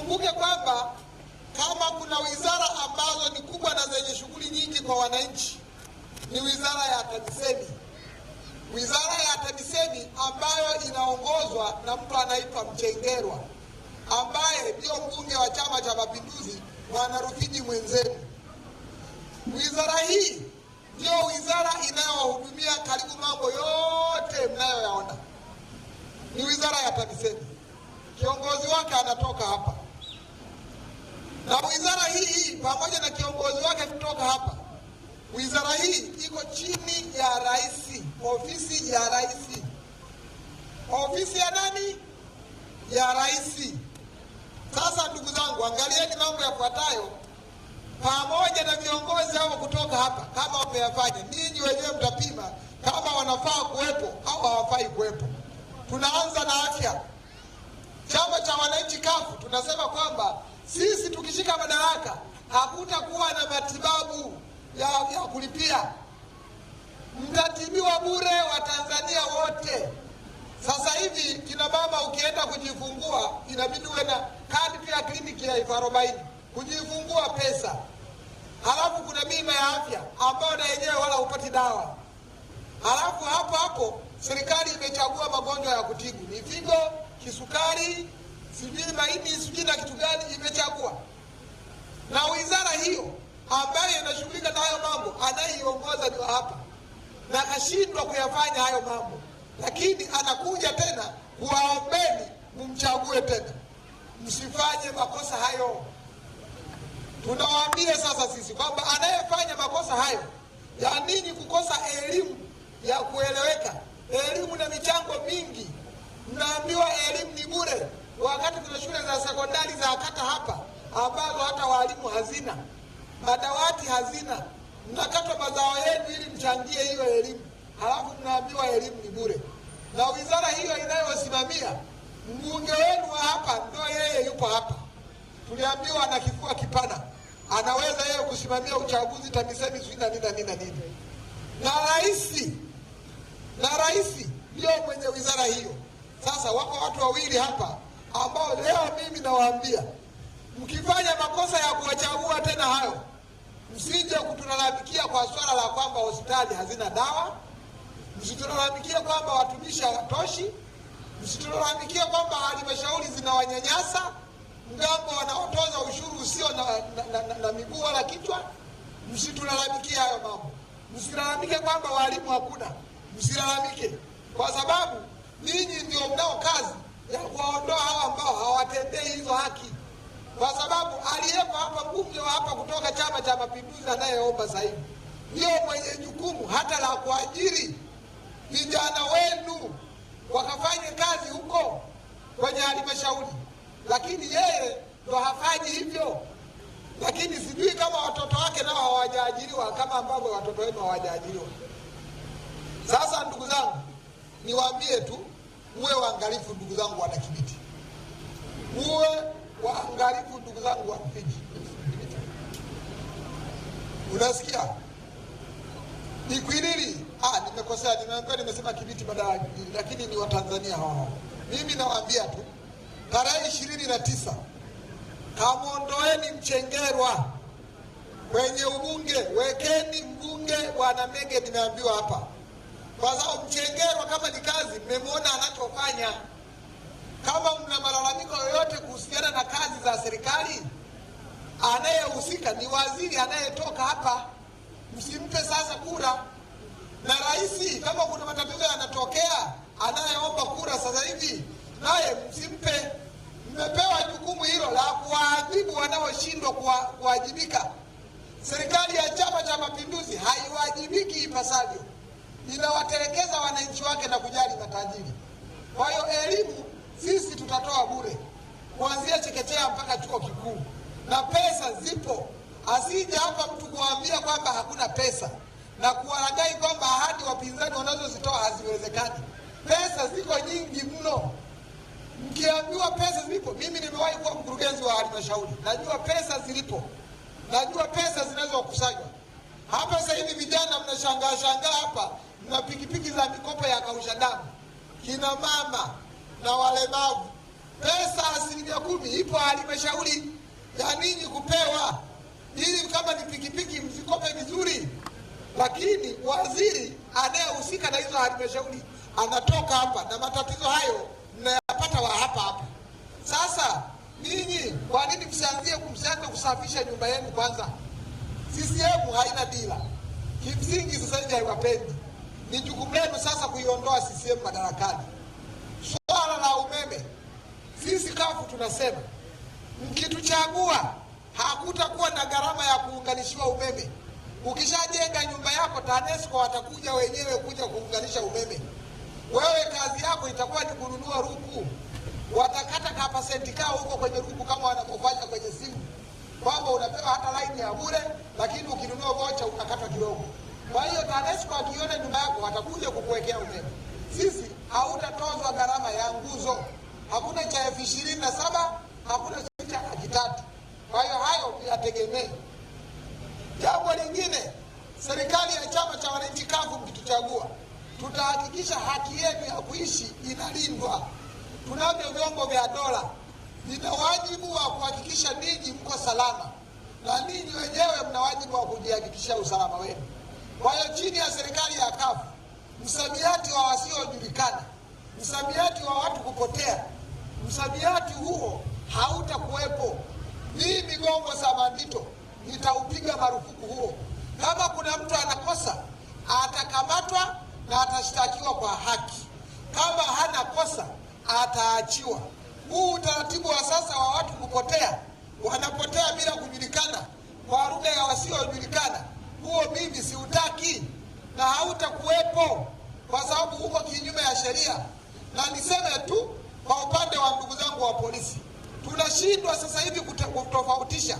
tukumbuke kwamba kama kuna wizara ambazo ni kubwa na zenye shughuli nyingi kwa wananchi ni wizara ya TAMISEMI, wizara ya TAMISEMI ambayo inaongozwa na mtu anaitwa Mchengerwa ambaye ndio mbunge wa Chama cha Mapinduzi, Bwana Rufiji mwenzenu. Wizara hii ndio wizara inayowahudumia karibu mambo yote mnayoyaona, ni wizara ya TAMISEMI. Kiongozi wake anatoka hapa na wizara hii pamoja na kiongozi wake kutoka hapa, wizara hii iko chini ya rais, ofisi ya rais, ofisi ya nani? Ya rais. Sasa ndugu zangu, angalieni mambo yafuatayo pamoja na viongozi hao kutoka hapa, kama wameyafanya, ninyi wenyewe mtapima kama wanafaa kuwepo au hawafai kuwepo. Tunaanza na afya. Chama cha wananchi kafu tunasema kwamba sisi tukishika madaraka hakutakuwa na matibabu ya, ya kulipia, mtatibiwa bure wa tanzania wote. Sasa hivi kina mama ukienda kujifungua inabidi uwe na kadi ya kliniki ya elfu arobaini kujifungua pesa, halafu kuna bima ya afya ambayo na yenyewe wala hupati dawa, halafu hapo hapo serikali imechagua magonjwa ya kutibu: figo kisukari sijui maini sijui na kitu gani imechagua, na wizara hiyo ambayo inashughulika na hayo mambo anayeiongoza ndio hapa, na kashindwa kuyafanya hayo mambo, lakini anakuja tena kuwaombeni mumchague tena, msifanye makosa hayo. Tunawaambia sasa sisi kwamba anayefanya makosa hayo ya ninyi kukosa mnakata hapa ambazo hata walimu hazina, madawati hazina, mnakatwa mazao yenu ili mchangie hiyo elimu, halafu mnaambiwa elimu ni bure na wizara hiyo inayosimamia mbunge wenu wa hapa ndo yeye yuko hapa. Tuliambiwa ana kifua kipana, anaweza yeye kusimamia uchaguzi TAMISEMI sijui na nini na nini na nini, na rais na rais ndio mwenye wizara hiyo. Sasa wako watu wawili hapa ambao leo mimi nawaambia mkifanya makosa ya kuwachagua tena hayo, msije kutulalamikia kwa swala la kwamba hospitali hazina dawa, msitulalamikie kwamba watumishi hawatoshi, msitulalamikia kwamba halmashauri zinawanyanyasa mgambo wanaotoza ushuru usio na, na, na, na, na miguu wala kichwa. Msitulalamikie hayo mambo, msilalamike kwamba walimu hakuna, msilalamike kwa sababu ninyi ndio mnao kazi ya kuwaondoa hawa ambao hawatendei hizo haki, kwa sababu aliyepo hapa mbunge wa hapa kutoka Chama cha Mapinduzi anayeomba zaidi ndio mwenye jukumu hata la kuajiri vijana wenu wakafanye kazi huko kwenye halmashauri, lakini yeye ndo hafanyi hivyo. Lakini sijui kama watoto wake nao hawajaajiriwa kama ambavyo watoto wenu hawajaajiriwa. Sasa ndugu zangu, niwaambie tu Uwe waangalifu ndugu zangu kibiti uwe waangalifu ndugu zangu Wapigi. Unasikia ikwilili Ah, nimekosea, nimeambiwa nimesema Kibiti badala ya Kibiti, lakini ni Watanzania hao. Mimi nawaambia tu tarehe ishirini na tisa kamwondoeni Mchengerwa kwenye ubunge, wekeni mbunge wanamege nimeambiwa hapa kwa sababu Mchengerwa kama ni kazi, mmemwona anachofanya. Kama mna malalamiko yoyote kuhusiana na kazi za serikali, anayehusika ni waziri anayetoka hapa. Msimpe sasa kura na rais. Kama kuna matatizo yanatokea, anayeomba kura sasa hivi naye msimpe. Mmepewa jukumu hilo la kuwaadhibu wanaoshindwa kuwajibika. Serikali ya Chama cha Mapinduzi haiwajibiki ipasavyo inawatelekeza wananchi wake na kujali matajiri. Kwa hiyo elimu sisi tutatoa bure kuanzia chekechea mpaka chuo kikuu, na pesa zipo. Asije hapa mtu kuambia kwamba hakuna pesa na kuwalagai kwamba ahadi wapinzani wanazozitoa haziwezekani. Pesa ziko nyingi mno, mkiambiwa pesa zipo. Mimi nimewahi kuwa mkurugenzi wa halmashauri, najua pesa zilipo, najua pesa zinazokusanywa hapa. Sasa hivi vijana mnashangaa shangaa hapa na pikipiki za mikopo ya kausha damu, kina mama na walemavu. Pesa asilimia kumi ipo halmashauri ya ninyi kupewa, ili kama ni pikipiki mzikope vizuri, lakini waziri anayehusika na hizo halmashauri anatoka hapa na matatizo hayo mnayapata wa hapa hapa. Sasa ninyi kwa nini msianzie kumsianza kusafisha nyumba yenu kwanza? CCM haina dila kimsingi, sasa hivi haiwapendi ni jukumu lenu sasa kuiondoa CCM madarakani. Swala la umeme, sisi kafu tunasema mkituchagua, hakutakuwa na gharama ya kuunganishiwa umeme. Ukishajenga nyumba yako, TANESCO watakuja wenyewe kuja kuunganisha umeme. Wewe kazi yako itakuwa ni kununua ruku, watakata kapasenti kao huko kwenye ruku, kama wanapofanya kwenye simu kwamba unapewa hata laini ya bure, lakini ukinunua vocha unakatwa kidogo. Kwa hiyo TANESCO akiona nyumba yako watakuja kukuwekea umeme. Sisi hautatozwa gharama ya nguzo, hakuna cha elfu ishirini na saba hakuna cha laki tatu. Kwa hiyo hayo yategemee. Jambo lingine, serikali ya chama cha wananchi kavu, mkituchagua tutahakikisha haki yenu ya kuishi inalindwa. Tunavyo vyombo vya dola, nina wajibu wa kuhakikisha ninyi mko salama, na ninyi wenyewe mna wajibu wa kujihakikishia usalama wenu. Kwa hiyo chini ya serikali ya kafu msamiati wa wasiojulikana, msamiati wa watu kupotea, msamiati huo hautakuwepo. Hii Migongo Samandito nitaupiga marufuku huo. Kama kuna mtu anakosa atakamatwa na atashtakiwa kwa haki, kama hana kosa ataachiwa. Huu utaratibu wa sasa wa watu kupotea, wanapotea bila kujulikana, kwa lugha ya wasiojulikana huo mimi siutaki na hautakuwepo kwa sababu huko kinyume ya sheria. Na niseme tu kwa upande wa ndugu zangu wa polisi, tunashindwa sasa hivi kutofautisha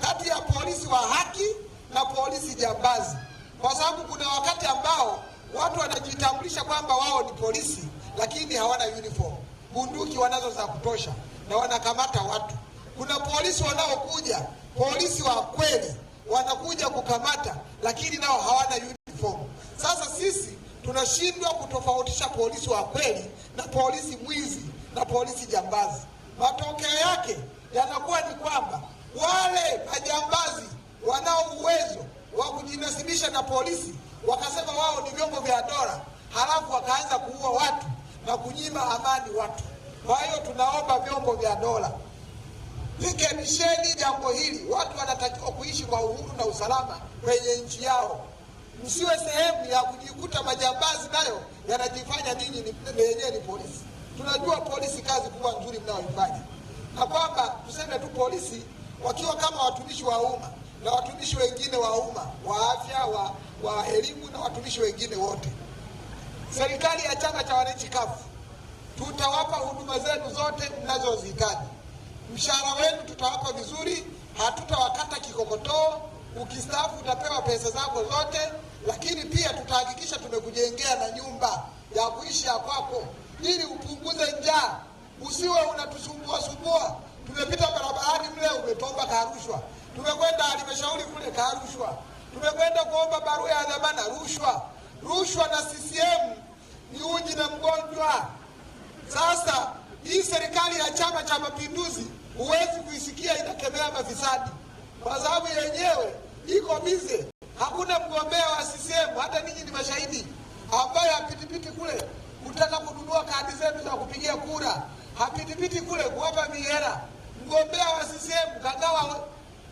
kati ya polisi wa haki na polisi jambazi, kwa sababu kuna wakati ambao watu wanajitambulisha kwamba wao ni polisi, lakini hawana uniform, bunduki wanazo za kutosha, na wanakamata watu. Kuna polisi wanaokuja polisi wa kweli wanakuja kukamata, lakini nao hawana uniform. Sasa sisi tunashindwa kutofautisha polisi wa kweli na polisi mwizi na polisi jambazi. Matokeo yake yanakuwa ni kwamba wale majambazi wanao uwezo wa kujinasibisha na polisi wakasema wao ni vyombo vya dola, halafu wakaanza kuua watu na kunyima amani watu. Kwa hiyo tunaomba vyombo vya dola Likenisheni jambo hili. Watu wanatakiwa kuishi kwa uhuru na usalama kwenye nchi yao, msiwe sehemu ya kujikuta majambazi nayo yanajifanya ninyi wenyewe ni polisi. Tunajua polisi kazi kubwa nzuri mnayoifanya, na kwamba tuseme tu polisi wakiwa kama watumishi wa umma na watumishi wengine wa umma wa afya, wa, wa elimu na watumishi wengine wote. Serikali ya Chama cha Wananchi kafu tutawapa huduma zenu zote mnazozihitaji mshahara wenu tutawapa vizuri, hatutawakata kikokotoo. Ukistaafu utapewa pesa zako zote, lakini pia tutahakikisha tumekujengea na nyumba ya kuishi ya kwako, ili upunguze njaa, usiwe unatusumbua sumbua. Tumepita barabarani mle, umetomba karushwa, tumekwenda halmashauri kule karushwa, tumekwenda kuomba barua ya dhamana rushwa. Rushwa na CCM ni uji na mgonjwa. Sasa hii serikali ya Chama cha Mapinduzi huwezi kuisikia inakemea mafisadi, kwa sababu yenyewe iko bize. Hakuna mgombea wa CCM, hata ninyi ni mashahidi, ambaye hapitipiti kule kutaka kununua kadi zetu za kupigia kura, hapitipiti kule kuwapa mihera. Mgombea wa CCM kagawa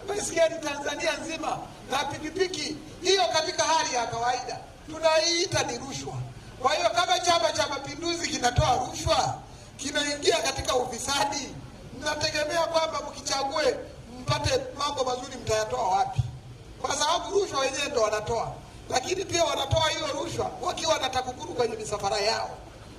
baiskeli Tanzania nzima na pikipiki hiyo, katika hali ya kawaida tunaiita ni rushwa. Kwa hiyo kama Chama cha Mapinduzi kinatoa rushwa, kinaingia katika ufisadi mnategemea kwamba mkichague mpate mambo mazuri, mtayatoa wapi? Kwa sababu rushwa wenyewe ndo wanatoa, lakini pia wanatoa hiyo rushwa wakiwa na TAKUKURU kwenye misafara yao.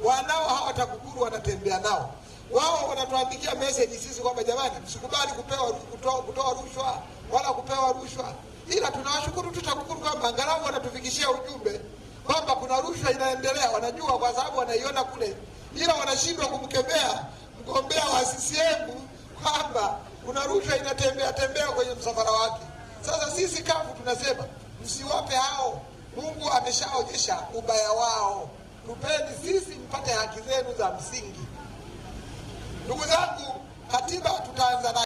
Wanao hawa TAKUKURU wanatembea nao, wao wanatuandikia meseji sisi kwamba jamani, msikubali kupewa kutoa, kutoa rushwa wala kupewa rushwa. Ila tunawashukuru tu TAKUKURU kwamba angalau wanatufikishia ujumbe kwamba kuna rushwa inaendelea, wanajua kwa sababu wanaiona kule, ila wanashindwa kumkemea mgombea wa CCM kwamba kuna rushwa inatembea tembea kwenye msafara wake. Sasa sisi kafu tunasema msiwape hao, Mungu ameshaonyesha ubaya wao. Tupeni sisi mpate haki zenu za msingi. Ndugu zangu, katiba tutaanza